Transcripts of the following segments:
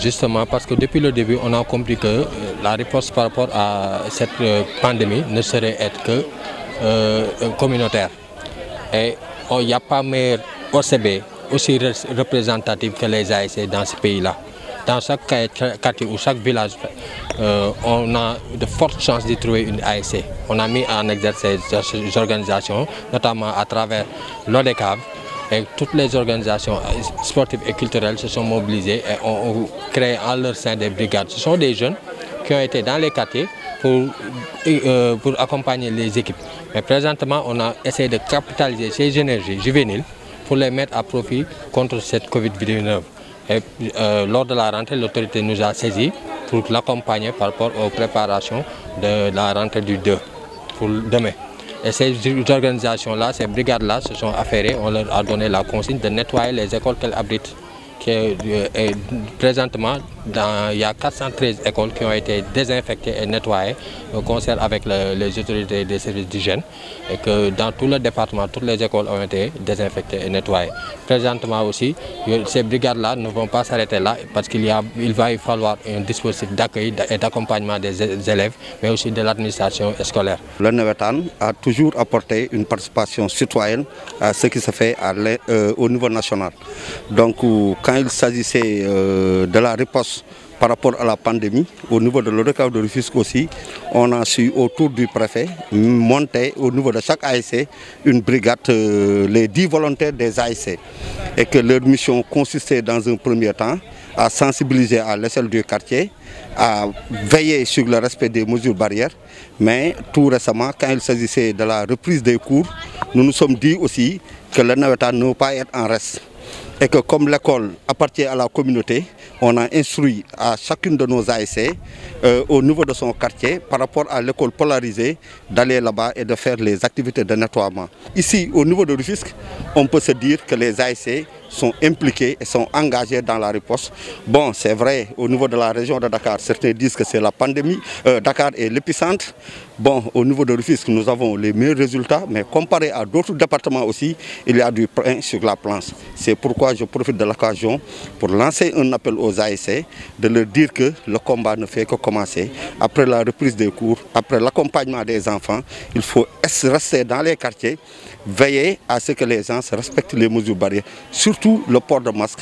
Justement parce que depuis le début, on a compris que euh, la réponse par rapport à cette euh, pandémie ne serait être que euh, communautaire. Et oh, il n'y a pas meilleur OCB aussi représentatif que les ASC dans ce pays-là. Dans chaque quartier ou chaque village, on a de fortes chances de trouver une ASC. On a mis en exercice ces organisations, notamment à travers l'ODECAV, toutes les organisations sportives et culturelles se sont mobilisées et ont, créé en leur sein des brigades. Ce sont des jeunes qui ont été dans les quartiers euh, pour, accompagner les équipes. Mais présentement, on a essayé de capitaliser ces énergies juvéniles pour les mettre à profit contre cette Covid-19. Et euh, lors de la rentrée, l'autorité nous a saisis pour l'accompagner par rapport aux préparations de la rentrée du 2 pour demain. Et ces organisations-là, ces brigades-là se sont affairées, on leur a donné la consigne de nettoyer les écoles qu'elles abritent. Euh, et présentement, il y a 413 écoles qui ont été désinfectées et nettoyées au concert avec les autorités des services d'hygiène et que dans tout le département, toutes les écoles ont été désinfectées et nettoyées. Présentement aussi, euh, ces brigades-là ne vont pas s'arrêter là parce qu'il il va y falloir un dispositif d'accueil et d'accompagnement des élèves, mais aussi de l'administration scolaire. Le Nevetan a toujours apporté une participation citoyenne à ce qui se fait euh, au niveau national. Donc, quand il s'agissait euh, de la réponse par rapport à la pandémie, au niveau de l'hôpital de Rufusque aussi, on a su autour du préfet monter au niveau de chaque ASC une brigade, euh, les dix volontaires des ASC. Et que leur mission consistait dans un premier temps à sensibiliser à l'échelle du quartier, à veiller sur le respect des mesures barrières. Mais tout récemment, quand il s'agissait de la reprise des cours, nous nous sommes dit aussi que le Naveta ne peut pas être en reste et que comme l'école appartient à la communauté, on a instruit à chacune de nos ASC euh, au niveau de son quartier par rapport à l'école polarisée d'aller là-bas et de faire les activités de nettoiement. Ici, au niveau de Rufisque, on peut se dire que les ASC sont impliqués et sont engagés dans la réponse. Bon, c'est vrai, au niveau de la région de Dakar, certains disent que c'est la pandémie. Euh, Dakar est l'épicentre. Bon, au niveau de Rufisque, nous avons les meilleurs résultats, mais comparé à d'autres départements aussi, il y a du pain sur la planche. C'est pourquoi je profite de l'occasion pour lancer un appel aux ASC, de leur dire que le combat ne fait que commencer. Après la reprise des cours, après l'accompagnement des enfants, il faut rester dans les quartiers, veiller à ce que les gens respectent les mesures barrières, surtout le port de masque.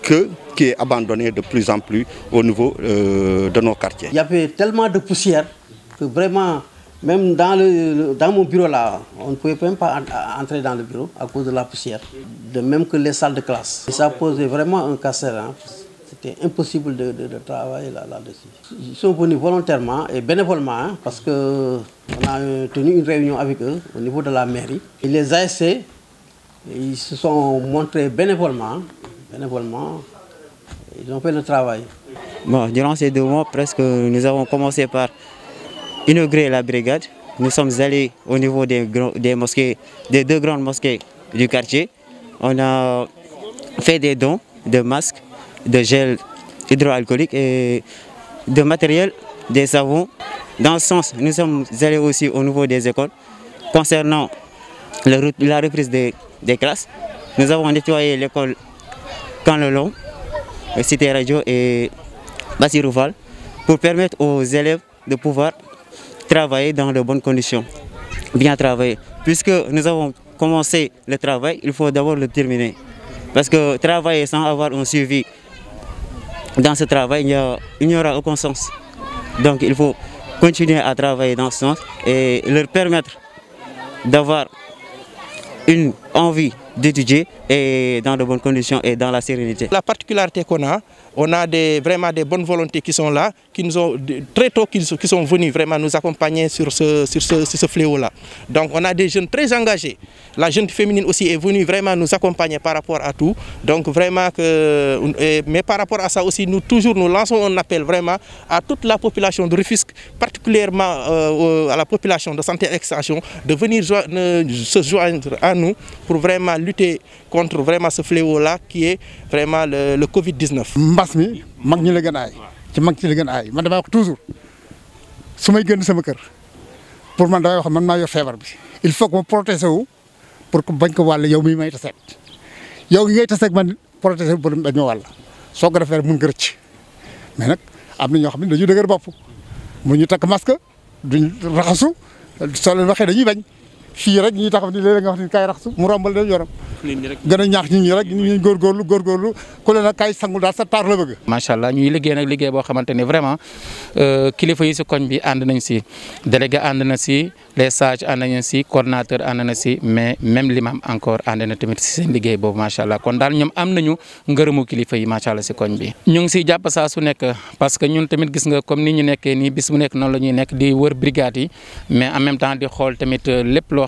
Que, qui est abandonné de plus en plus au niveau euh, de nos quartiers. Il y avait tellement de poussière que vraiment même dans, le, mon bureau là, on ne pouvait même pas entrer dans le bureau à cause de la poussière. De même que les salles de classe. ça posait vraiment un casser. Hein. C'était impossible de, travailler là-dessus. Ils sont venus volontairement et bénévolement hein, parce qu'on a tenu une réunion avec eux au niveau de la mairie. Et les ASC, ils se sont montrés bénévolement. bénévolement ils ont fait le travail. Bon, durant ces deux mois, presque, nous avons commencé par inauguré la brigade, nous sommes allés au niveau des, mosquées, des deux grandes mosquées du quartier. On a fait des dons de masques, de gel hydroalcoolique et de matériel, des savons. Dans ce sens, nous sommes allés aussi au niveau des écoles. Concernant la reprise des, classes, nous avons nettoyé l'école Camp le Cité Radio et Bassirouval, pour permettre aux élèves de pouvoir travailler dans de bonnes conditions, bien travailler. Puisque nous avons commencé le travail, il faut d'abord le terminer. Parce que travailler sans avoir un suivi dans ce travail, il n'y aura aucun sens. Donc il faut continuer à travailler dans ce sens et leur permettre d'avoir une envie d'étudier et dans de bonnes conditions et dans la sérénité. La particularité qu'on a, on a des, vraiment des bonnes volontés qui sont là, qui nous ont très tôt qui, sont venus vraiment nous accompagner sur ce, fléau-là. Donc on a des jeunes très engagés. La jeune féminine aussi est venue vraiment nous accompagner par rapport à tout. Donc vraiment que, mais par rapport à ça aussi, nous toujours nous lançons un appel vraiment à toute la population de Rufisque, particulièrement euh, à la population de santé extension, de venir se joindre à nous pour vraiment lutter contre vraiment ce fléau-là qui est vraiment le Covid-19. mbas mi mag ñi la gën aay ci la gën aay man damay wax toujours su may génn sama kër pour man damay wax man maa yor feebar bi il faut que ma protéger wu pour que bañ ko wàll yow ma may taseet yow yi ngay taseeg man protéger wu pour bañ ma wàll soo ko defee rek mun nga rëcc mais nag am na ñoo xam ne dañuy dëgër bopp mu ñu takk masque du raxasu soo leen waxee dañuy bañ fi rek ñi taxaw di léeg nga wax ni kay rax mu rombal dem yoram gëna ñaax ñi ñi rek gor ñi gor góorgóorlu ku leen a sangul da sa tar la bëgg sha allah ñuy liggéey nak liggéey bo xamante vraiment euh kilifa yi si koñ bi and nañ ci délégué and na ci les sages and nañ ci coordinateur and na ci mais même l'imam encore and na tamit ci seen liggéey ma sha allah kon daal ñom am nañu ngërëmu kilifa yi sha allah ci koñ bi ñu ngi ci japp sa su nekk parce que ñun tamit gis nga comme ni ñu nekké ni bis mu nekk non lañuy nekk di wër brigade yi mais en même temps di xol tamit euh, lepp lo